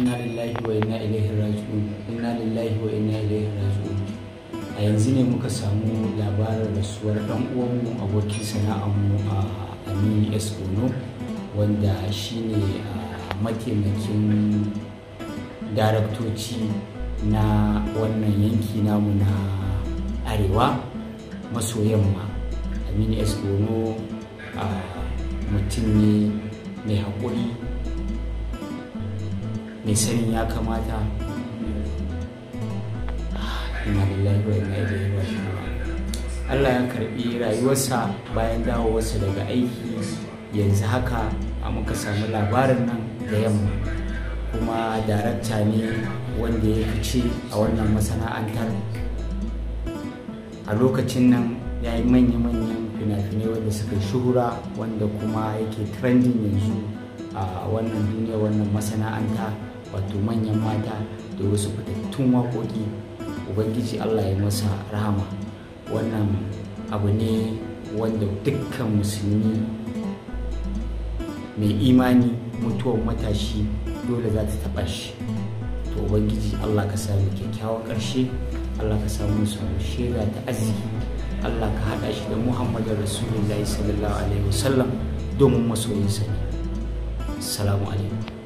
inna lillahi wa inna ilaihi raji'un inna lillahi wa inna ilaihi raji'un a yanzu ne muka samu labarin rasuwar dan uwanmu abokin sana'armu a amini Ono, wanda shine mataimakin daraktoci na wannan yanki namu na arewa maso yamma amini Ono mutum ne mai haƙuri mai sanin ya kamata ina lullahi wa ina ilaihi raji'un Allah ya karɓi rayuwarsa bayan dawowarsa daga aiki yanzu haka a muka samu labarin nan da yamma kuma darakta ne wanda ya fice a wannan masana'antar a lokacin nan ya yi manya-manyan fina-finai wanda suka shuhura wanda kuma yake trending yanzu a wannan duniya wannan masana'anta wato manyan mata da wasu fitattun waƙoƙi ubangiji allah ya masa rahama wannan abu ne wanda dukkan musulmi mai imani mutuwar matashi dole za ta taɓa shi to ubangiji allah ka samu kyakkyawan ƙarshe allah ka samu musulmi shaida ta arziki allah ka haɗa shi da muhammadin rasulullahi sallallahu alaihi wasallam domin masoyinsa ne Assalamualaikum.